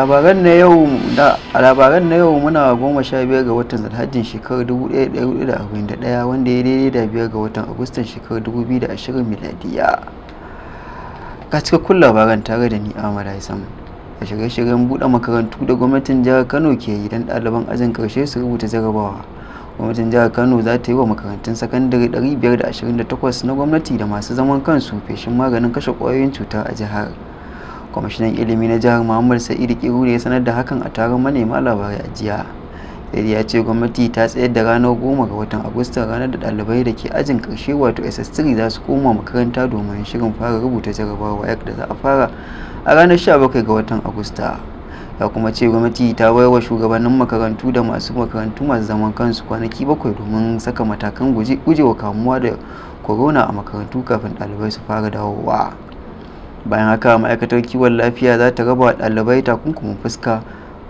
labaran na yau a labaran na yau muna goma sha biyar ga watan alhajin shekarar 1441 wanda ya daidai da biyar ga watan agustan shekarar ashirin miladiya ka cikakkun labaran tare da ni amala isam a shirye-shiryen buɗe makarantu da gwamnatin jihar kano ke yi don ɗaliban ajin karshe su rubuta jarabawa gwamnatin jihar kano za ta yi wa makarantun sakandare 528 na gwamnati da masu zaman kansu feshin maganin kashe ƙwayoyin cuta a jihar kwamishinan ilimi na jihar muhammad sa'idu kiru ne ya sanar da hakan a taron manema labarai a jiya sai ya ce gwamnati ta tsayar da ranar goma ga watan agusta ranar da ɗalibai da ke ajin karshe wato ss3 za su koma makaranta domin shirin fara rubuta jarabawa wayak da za a fara a ranar 17 ga watan agusta ya kuma ce gwamnati ta wa shugabannin makarantu da masu makarantu masu zaman kansu kwanaki bakwai domin saka matakan gujewa kamuwa da corona a makarantu kafin ɗalibai su fara dawowa. bayan haka ma'aikatar kiwon lafiya za ta raba wa ɗalibai takunkumin fuska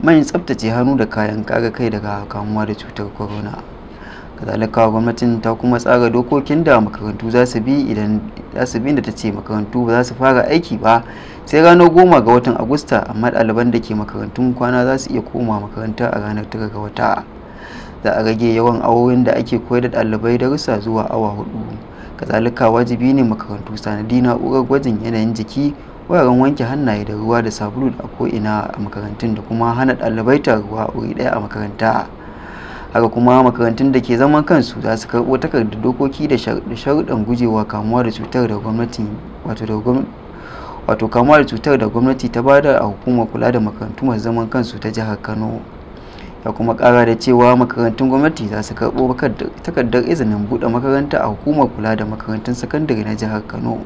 manyan tsabtace hannu da kayan kare kai daga kamuwa da cutar corona kazalika gwamnatin ta kuma tsara dokokin da makarantu za su bi idan za su bi da ta ce makarantu ba za su fara aiki ba sai ranar goma ga watan agusta amma ɗaliban da ke makarantun kwana za su iya koma makaranta a ranar tara ga wata za a rage yawan awowin da ake koyar da ɗalibai darussa zuwa awa hudu kazalika wajibi ne makarantu sanadi na'urar gwajin yanayin jiki wuraren wanke hannaye da ruwa da sabulu da ina a makarantun da kuma hana ɗalibai ruwa a wuri ɗaya a makaranta haka kuma makarantun da ke zaman kansu za su karɓo takardar dokoki da sharuɗan gujewa kamuwa da cutar da gwamnati wato da wato kamuwa da cutar da gwamnati ta bada a hukumar kula da makarantu masu zaman kansu ta jihar kano ta kuma kara da cewa makarantun gwamnati za su karɓo takardar izinin buɗe makaranta a hukumar kula da makarantun sakandare na jihar kano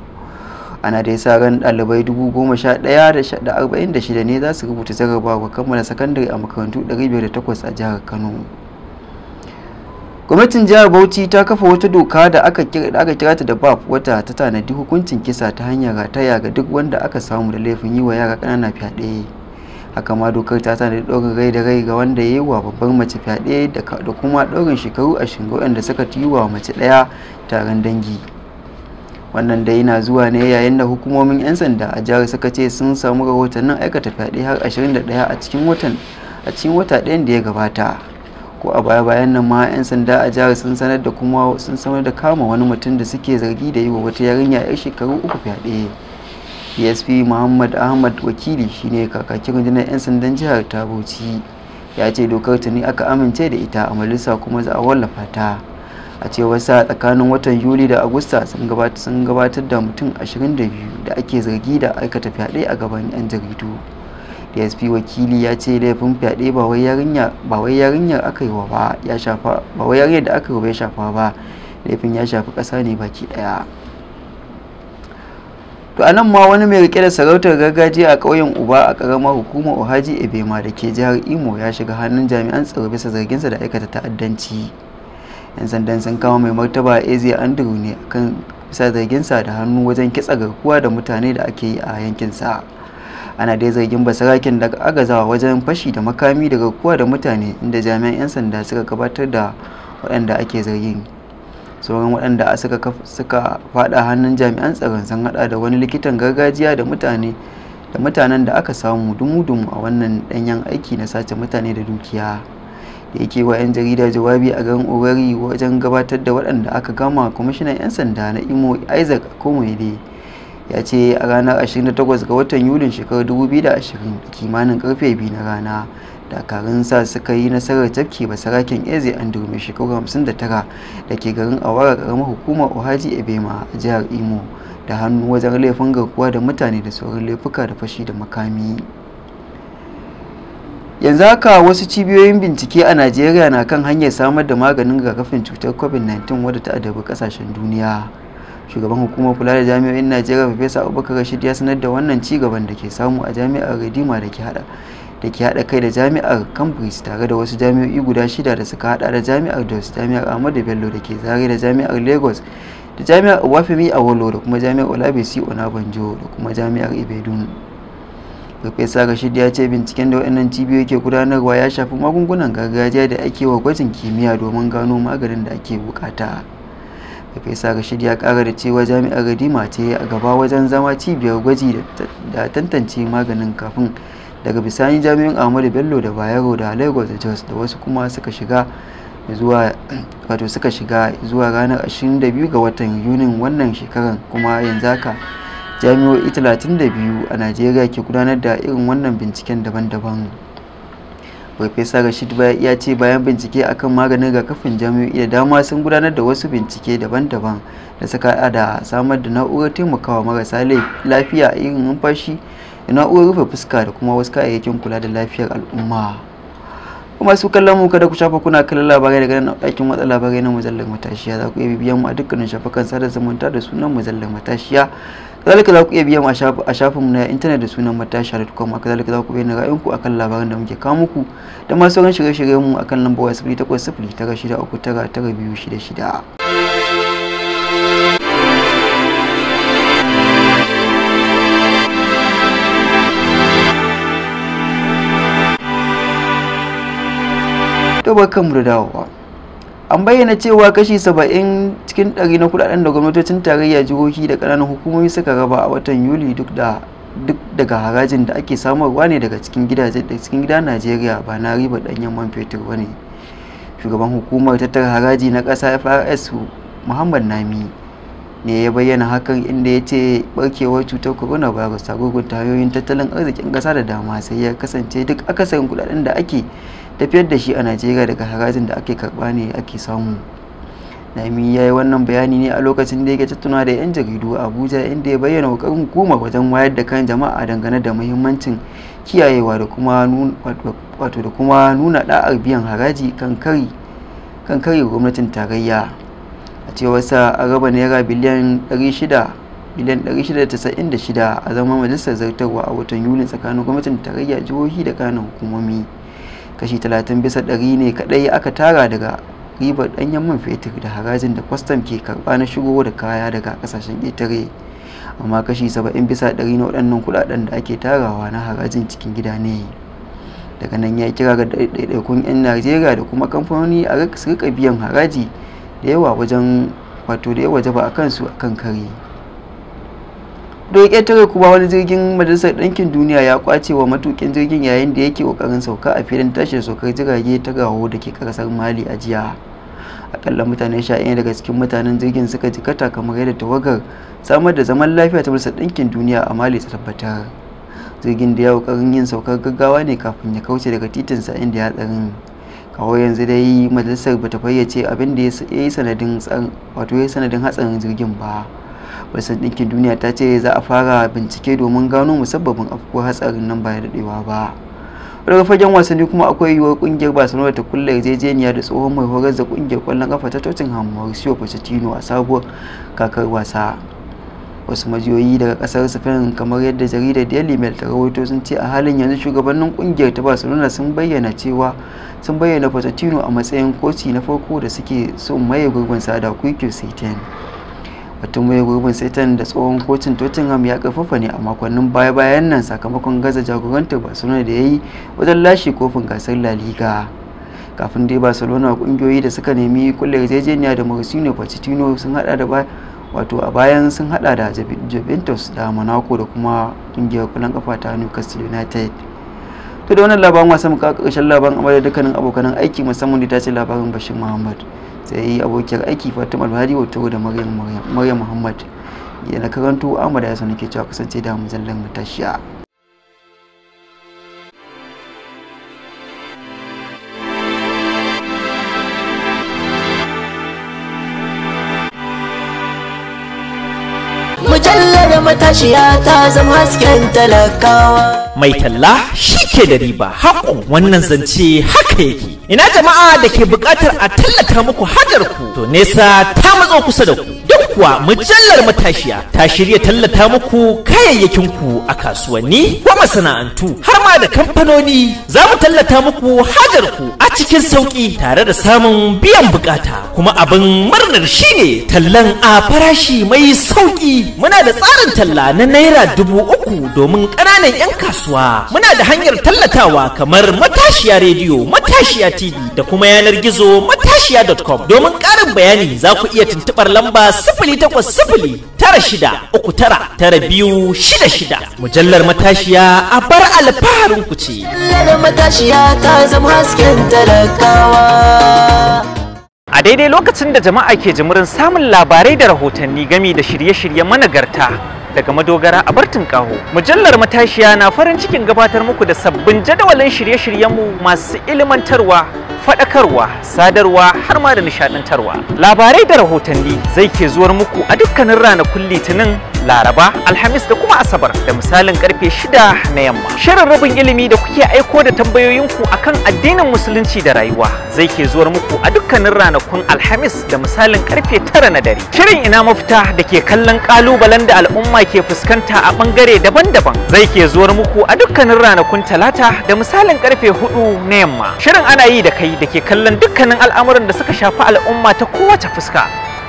ana da yasa ran ɗalibai dubu goma sha da arba'in shida ne za su rubuta jarrabawa kammala sakandare a makarantu ɗari da takwas a jihar kano gwamnatin jihar bauchi ta kafa wata doka da aka kira ta da bab wata ta tanadi hukuncin kisa ta hanyar rataya ga duk wanda aka samu da laifin yi wa yara ƙanana fyaɗe haka ma dokar ta tana da ɗaurin rai da rai ga wanda ya yi wa babbar mace fyaɗe da kuma ɗaurin shekaru ashirin ga waɗanda suka yi wa mace ɗaya taron dangi wannan dai yana zuwa ne yayin da hukumomin 'yan sanda a jihar suka ce sun samu rahotannin aikata fyaɗe har ɗaya a cikin watan a cikin wata ɗayan da ya gabata ko a baya bayan nan ma 'yan sanda a jihar sun sanar da kuma sun sanar da kama wani mutum da suke zargi da yi wa wata yarinya 'yar shekaru uku fyaɗe dsp muhammad ahmad wakili shine kakakin rundunar 'yan sandan jihar ta bauchi ya ce dokar tuni aka amince da ita a majalisa kuma za a wallafa ta a cewa sa tsakanin watan yuli da agusta sun gabatar da mutum 22 da ake zargi da aikata fyaɗe a gaban 'yan jaridu dsp wakili ya ce laifin fyaɗe ba wai yarinyar aka yi wa ba ya shafa ba wai yarinyar da aka yi wa ya shafa ba laifin ya shafi ƙasa ne baki ɗaya to a nan ma wani mai rike da sarautar gargajiya a ƙauyen uba a ƙaramar hukumar ohaji ebema da ke jihar imo ya shiga hannun jami'an tsaro bisa zarginsa da aikata ta'addanci yan sandan sun kama mai martaba eze andrew ne kan bisa zarginsa da hannu wajen kitsa garkuwa da mutane da ake yi a yankinsa ana dai zargin basarakin daga agazawa wajen fashi da makami da garkuwa da mutane inda jami'an 'yan sanda suka gabatar da waɗanda ake zargin sauran waɗanda suka suka fada hannun jami'an tsaron sun hada da wani likitan gargajiya da mutane da mutanen da aka samu dumu a wannan danyen aiki na sace mutane da dukiya da yake wa 'yan jarida jawabi a garin orari wajen gabatar da waɗanda aka gama kwamishinan 'yan sanda na imo isaac komede ya ce a ranar 28 ga watan yulin shekarar 2020 kimanin karfe biyu na rana dakarun sa suka yi nasarar tafke basaraken eze andrew mai shekaru 59 da ke garin awara karamar hukumar ohaji ebema a jihar imo da hannu wajen laifin garkuwa da mutane da sauran laifuka da fashi da makami yanzu haka wasu cibiyoyin bincike a najeriya na kan hanyar samar da maganin rigakafin cutar covid-19 wadda ta adabi kasashen duniya shugaban hukumar kula da jami'o'in najeriya farfesa abubakar rashid ya sanar da wannan cigaban da ke samu a jami'ar redima da ke hada da ke haɗa kai da jami'ar cambridge tare da wasu jami'o'i guda shida da suka haɗa da jami'ar jos jami'ar ahmadu bello da ke zare da jami'ar lagos da jami'ar wafemi a wolo da kuma jami'ar olabisi onabanjo da kuma jami'ar ibedun farfesa rashid ya ce binciken da waɗannan cibiyoyi ke gudanarwa ya shafi magungunan gargajiya da ake wa gwajin kimiyya domin gano maganin da ake bukata farfesa rashid ya kara da cewa jami'ar radima ce a gaba wajen zama cibiyar gwaji da tantance maganin kafin daga bisani jami'in ahmadu bello da bayero da lagos da jos da wasu kuma suka shiga zuwa wato suka shiga zuwa ranar 22 ga watan yunin wannan shekarar kuma yanzu haka jami'o'i 32 a najeriya ke gudanar da irin wannan binciken daban-daban farfesa rashid ya ce bayan bincike akan maganin rigakafin jami'o'i da dama sun gudanar da wasu bincike daban-daban da suka da samar da na'urar taimakawa marasa lafiya irin numfashi na'urar rufe fuska da kuma wasu kayayyakin kula da lafiyar al'umma kuma su kallon mu kada ku shafa kuna kallon labarai daga nan ɗakin watsa labarai na mujallar matashiya za ku iya bibiyan mu a dukkanin shafukan sada zumunta da sunan mujallar matashiya kazalika za ku iya biyan mu a shafinmu na intanet da sunan matashiya.com kazalika za ku bayyana ra'ayinku akan labaran da muke kawo muku da ma sauran shirye-shiryen mu akan lambar tara shida uku tara tara biyu shida shida. barkanmu da dawowa an bayyana cewa kashi 70 cikin 100 na kudaden da gwamnatocin tarayya jihohi da kananan hukumomi suka raba a watan yuli duk da duk daga harajin da ake samarwa ne daga cikin gidaje da cikin gida najeriya ba na riba danyen man fetur ba ne shugaban hukumar tattara haraji na kasa frs muhammad nami ne ya bayyana hakan inda ya ce barkewar cutar corona virus ta gurgunta tayoyin tattalin arzikin kasa da dama sai ya kasance duk akasarin kudaden da ake tafiyar da shi a najeriya daga harajin da ake karba ne ake samu nami ya yi wannan bayani ne a lokacin da yake tattuna da 'yan jaridu a abuja inda ya bayyana kokarin hukumar wajen wayar da kan jama'a dangane da muhimmancin kiyayewa da kuma nuna ɗa'ar biyan haraji kan kari kare gwamnatin tarayya a cewar sa a raba naira biliyan 696 a zama majalisar zartarwa a watan yuli tsakanin gwamnatin tarayya jihohi da kanan hukumomi kashi 30 bisa ɗari ne kaɗai aka tara daga ribar ɗanyen man fetur da harajin da kwastam ke karɓa na shigo da kaya daga ƙasashen ƙetare amma kashi 70 bisa ɗari na waɗannan kuɗaɗen da ake tarawa na harajin cikin gida ne daga nan ya kira ga ɗaiɗaikun 'yan najeriya da kuma kamfanoni a rika biyan haraji da yawa wajen wato da yawa jaba a kansu a kan kare da ya tare kuma wani jirgin majalisar ɗinkin duniya ya kwace wa matukin jirgin yayin da yake kokarin sauka a filin tashin saukar jirage ta gawo da ke karasar mali a jiya akalla mutane sha ɗaya daga cikin mutanen jirgin suka ji kata kamar yadda tawagar samar da zaman lafiya ta majalisar ɗinkin duniya a mali ta tabbatar jirgin da ya kokarin yin saukar gaggawa ne kafin ya kauce daga titin sa inda ya tsarin kawo yanzu dai majalisar bata fayyace abin da ya yi sanadin hatsarin jirgin ba wasan ɗinkin duniya ta ce za a fara bincike domin gano musabbabin afko hatsarin nan ba ya daɗewa ba daga fagen wasanni kuma akwai yiwuwar kungiyar barcelona ta kulle yarjejeniya da tsohon mai horar da kungiyar kwallon kafa ta tottenham mauricio pochettino a sabuwar kakar wasa wasu majiyoyi daga kasar spain kamar yadda jaridar daily mail ta rawaito sun ce a halin yanzu shugabannin kungiyar ta barcelona sun bayyana cewa sun bayyana pochettino a matsayin koci na farko da suke son maye gurbin da kuikir satan batun mai gurbin satan da tsohon kotun tottenham ya karfafa ne a makonnin baya-bayan nan sakamakon gaza jagorantar barcelona da ya yi wajen lashe kofin gasar la liga kafin dai barcelona kungiyoyi da suka nemi kulle yarjejeniya da mauricio pochettino sun hada da wato a bayan sun hada da juventus da monaco da kuma kungiyar kulan kafa ta newcastle united to da wannan labarin wasan muka kawo labarin labarin da dukkanin abokan aiki musamman da tace labarin bashir muhammad sai yi abokiyar aiki fatima alhadi wato da maryam muhammad yana karanto ahmad ya sanu ke cewa kasance da mu zallan matashiya matashiya ta zama hasken talakawa mai talla shi ke da riba haƙon wannan zance haka yake ina jama'a da ke buƙatar a tallata muku hajar ku to nesa ta matso kusa da ku duk kuwa mujallar matashiya ta shirya tallata muku kayayyakin ku a kasuwanni ko masana'antu har ma da kamfanoni za mu tallata muku hajar ku a cikin sauƙi tare da samun biyan bukata kuma abin murnar shine tallan a farashi mai sauƙi. muna da tsarin talla na naira dubu uku domin ƙananan 'yan kasuwa muna da hanyar tallatawa kamar matashiya rediyo matashiya tv da kuma yanar gizo matashiya.com domin ƙarin bayani za ku iya tuntuɓar lamba sifili takwas sifili tara shida uku tara tara biyu shida shida mujallar matashiya a bar alfaharin ku ce. Mujallar matashiya ta zama hasken talakawa. A daidai lokacin da jama'a ke jimurin samun labarai da rahotanni gami da shirye-shiryen managarta daga madogara a Bartin Kaho. Mujallar Matashiya na farin cikin gabatar muku da sabbin jadawalin shirye-shiryenmu masu ilimantarwa, faɗakarwa, sadarwa har ma da nishaɗantarwa. Labarai da rahotanni zai ke zuwar muku a dukkanin ranakun Litinin laraba alhamis da kuma asabar da misalin karfe shida na yamma shirin rabin ilimi da kuke aiko da tambayoyinku akan addinin musulunci da rayuwa zai ke zuwar muku a dukkanin ranakun alhamis da misalin karfe tara na dare shirin ina mafita da ke kallon kalubalen da al'umma ke fuskanta a bangare daban-daban zai ke zuwar muku a dukkanin ranakun talata da misalin karfe hudu na yamma shirin ana yi da kai da ke kallon dukkanin al'amuran da suka shafi al'umma ta kowace fuska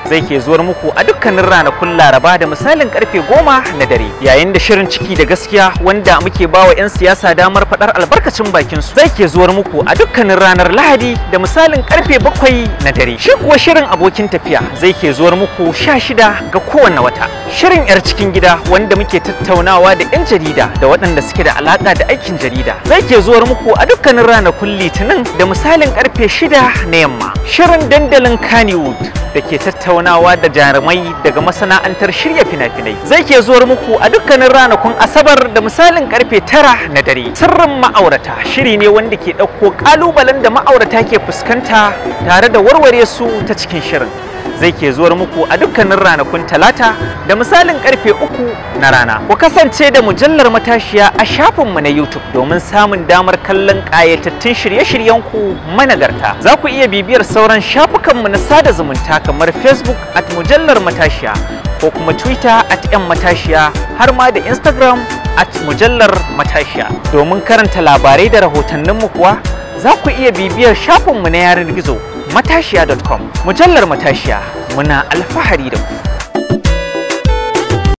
zai ke zuwar muku a dukkanin ranakun laraba da misalin karfe goma na dare yayin da shirin ciki da gaskiya wanda muke bawa 'yan siyasa damar faɗar albarkacin bakin su zai ke zuwar muku a dukkanin ranar lahadi da misalin karfe bakwai na dare shi kuwa shirin abokin tafiya zai ke zuwar muku sha shida ga kowane wata shirin 'yar cikin gida wanda muke tattaunawa da 'yan jarida da waɗanda suke da alaƙa da aikin jarida zai ke zuwar muku a dukkanin ranakun litinin da misalin karfe shida na yamma shirin dandalin kannywood da ke tattaunawa tattaunawa da jarumai daga masana'antar shirya fina-finai zai ke zuwar muku a dukkanin ranakun asabar da misalin karfe tara na dare sirrin ma'aurata shiri ne wanda ke ɗauko ƙalubalen da ma'aurata ke fuskanta tare da warware su ta cikin shirin zai ke zuwar muku a dukkanin ranakun talata da misalin karfe uku na rana ku kasance da mujallar matashiya a shafinmu na youtube domin samun damar kallon ƙayatattun shirye-shiryen ku managarta za ku iya bibiyar sauran shafukanmu na sada zumunta kamar facebook at mujallar matashiya ko kuma twitter at yan matashiya har ma da instagram at mujallar matashiya domin karanta labarai da rahotanninmu kuwa za ku iya bibiyar shafinmu na yanar gizo matashiya.com mujallar matashiya muna alfahari da ku